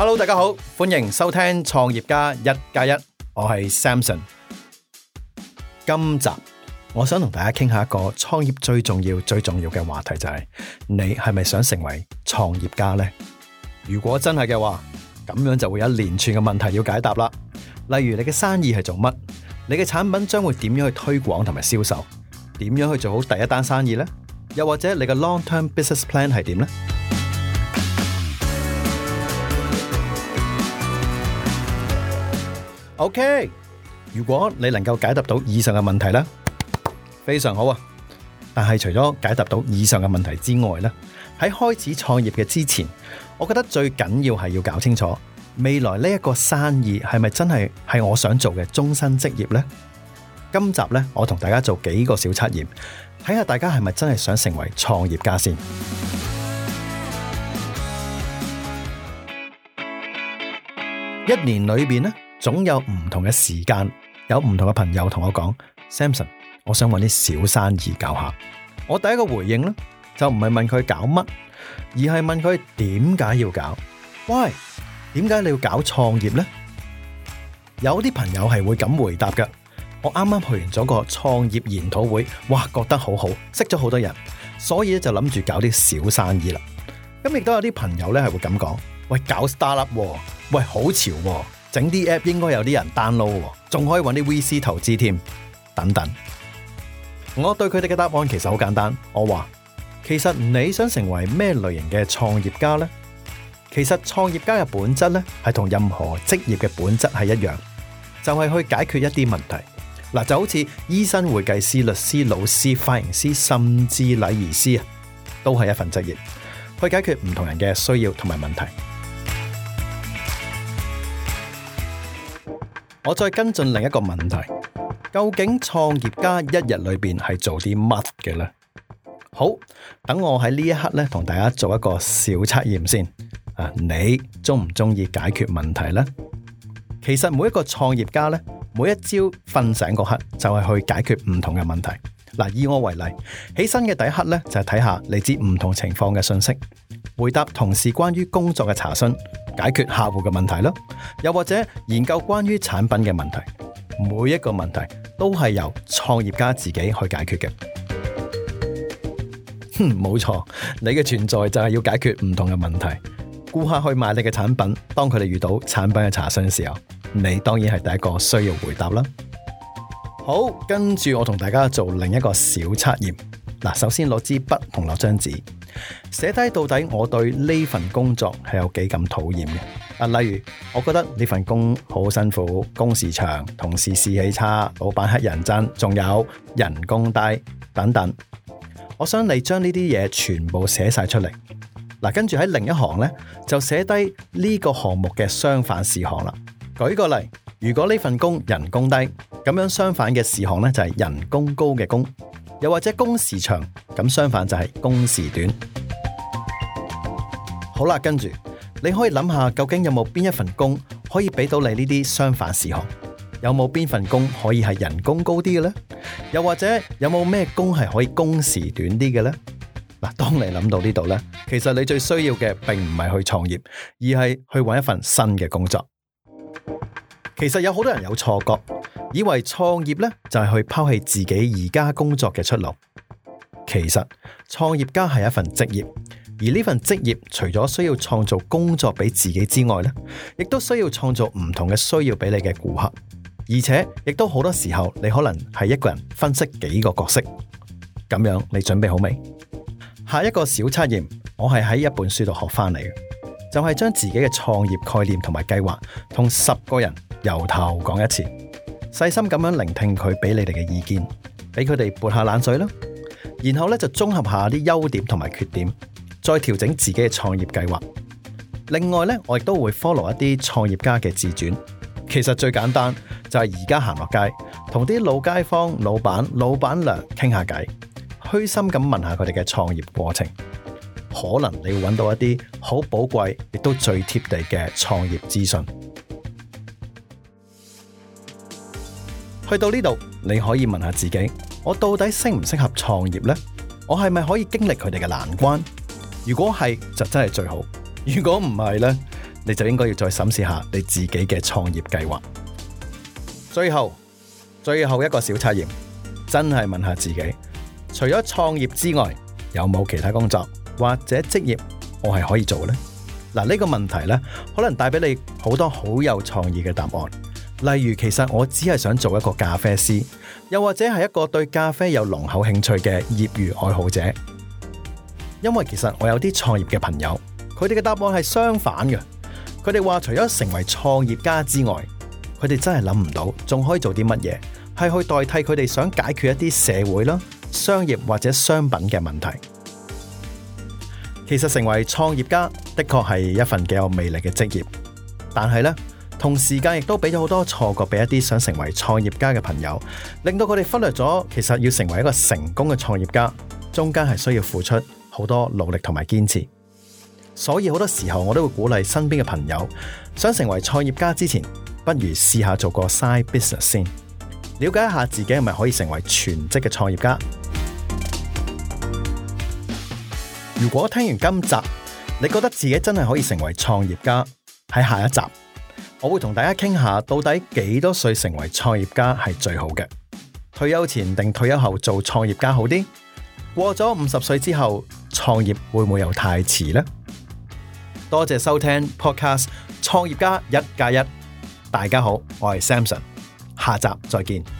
Hello，大家好，歡迎收聽創業家一加一，我係 Samson。今集我想同大家傾下一個創業最重要、最重要嘅話題，就係，就係你係咪想成為創業家呢？如果真係嘅話，咁樣就會有一連串嘅問題要解答啦。例如你嘅生意係做乜？你嘅產品將會點樣去推廣同埋銷售？點樣去做好第一單生意呢？又或者你嘅 long-term business plan 係點呢？OK，如果你能夠解答到以上嘅問題咧，非常好啊！但係除咗解答到以上嘅問題之外呢，喺開始創業嘅之前，我覺得最緊要係要搞清楚未來呢一個生意係咪真係係我想做嘅終身職業呢。今集呢，我同大家做幾個小測驗，睇下大家係咪真係想成為創業家先。一年裏邊咧。總有唔同嘅時間，有唔同嘅朋友同我講，Samson，我想搵啲小生意搞下。我第一個回應呢，就唔係問佢搞乜，而係問佢點解要搞。喂，Why？點解你要搞創業呢？有啲朋友係會咁回答嘅。我啱啱去完咗個創業研討會，哇，覺得好好，識咗好多人，所以呢就諗住搞啲小生意啦。咁亦都有啲朋友呢係會咁講，喂，搞 startup 啊，喂，好潮啊。整啲 app 應該有啲人 download，仲可以揾啲 VC 投資添，等等。我對佢哋嘅答案其實好簡單，我話其實你想成為咩類型嘅創業家呢？其實創業家嘅本質呢，係同任何職業嘅本質係一樣，就係去解決一啲問題。嗱，就好似醫生、會計師、律師、老師、髮型師，甚至禮儀師啊，都係一份職業，去解決唔同人嘅需要同埋問題。我再跟進另一個問題，究竟創業家一日裏邊係做啲乜嘅呢？好，等我喺呢一刻咧，同大家做一個小測驗先。啊，你中唔中意解決問題呢？其實每一個創業家咧，每一朝瞓醒嗰刻就係去解決唔同嘅問題。嗱，以我為例，起身嘅第一刻咧，就係睇下嚟自唔同情況嘅信息，回答同事關於工作嘅查詢。解決客戶嘅問題咯，又或者研究關於產品嘅問題，每一個問題都係由創業家自己去解決嘅。哼，冇錯，你嘅存在就係要解決唔同嘅問題。顧客去買你嘅產品，當佢哋遇到產品嘅查詢嘅時候，你當然係第一個需要回答啦。好，跟住我同大家做另一個小測驗。嗱，首先攞支筆同攞張紙。寫低到底我對呢份工作係有幾咁討厭嘅？啊，例如我覺得呢份工好辛苦，工時長，同事士氣差，老闆黑人憎，仲有人工低等等。我想你將呢啲嘢全部寫晒出嚟。嗱，啊，跟住喺另一行呢，就寫低呢個項目嘅相反事項啦。舉個例，如果呢份工人工低，咁樣相反嘅事項呢，就係人工高嘅工。又或者工時長，咁相反就係工時短。好啦，跟住你可以諗下，究竟有冇邊一份工可以俾到你呢啲相反事項？有冇邊份工可以係人工高啲嘅呢？又或者有冇咩工係可以工時短啲嘅呢？嗱，當你諗到呢度呢，其實你最需要嘅並唔係去創業，而係去揾一份新嘅工作。其實有好多人有錯覺。以為創業咧就係去拋棄自己而家工作嘅出路。其實創業家係一份職業，而呢份職業除咗需要創造工作俾自己之外咧，亦都需要創造唔同嘅需要俾你嘅顧客。而且亦都好多時候你可能係一個人分析幾個角色，咁樣你準備好未？下一個小測驗，我係喺一本書度學翻嚟，就係將自己嘅創業概念同埋計劃同十個人由頭講一次。細心咁樣聆聽佢俾你哋嘅意見，俾佢哋撥下冷水咯，然後咧就綜合下啲優點同埋缺點，再調整自己嘅創業計劃。另外咧，我亦都會 follow 一啲創業家嘅自傳。其實最簡單就係而家行落街，同啲老街坊、老闆、老闆娘傾下偈，虛心咁問下佢哋嘅創業過程，可能你會揾到一啲好寶貴亦都最貼地嘅創業資訊。去到呢度，你可以問下自己：我到底適唔適合創業呢？我係咪可以經歷佢哋嘅難關？如果係，就真係最好；如果唔係呢，你就應該要再審視下你自己嘅創業計劃。最後，最後一個小測驗，真係問下自己：除咗創業之外，有冇其他工作或者職業我係可以做呢？嗱，呢個問題呢，可能帶俾你好多好有創意嘅答案。例如，其實我只係想做一個咖啡師，又或者係一個對咖啡有濃厚興趣嘅業餘愛好者。因為其實我有啲創業嘅朋友，佢哋嘅答案係相反嘅。佢哋話除咗成為創業家之外，佢哋真係諗唔到仲可以做啲乜嘢，係去代替佢哋想解決一啲社會啦、商業或者商品嘅問題。其實成為創業家的確係一份幾有魅力嘅職業，但係呢。同時間亦都俾咗好多錯覺俾一啲想成為創業家嘅朋友，令到佢哋忽略咗，其實要成為一個成功嘅創業家，中間係需要付出好多努力同埋堅持。所以好多時候我都會鼓勵身邊嘅朋友，想成為創業家之前，不如試下做個 side business 先，了解一下自己係咪可以成為全職嘅創業家。如果聽完今集，你覺得自己真係可以成為創業家，喺下一集。我會同大家傾下，到底幾多歲成為創業家係最好嘅？退休前定退休後做創業家好啲？過咗五十歲之後，創業會唔會又太遲呢？多謝收聽 Podcast《創業家一加一》，大家好，我係 Samson，下集再見。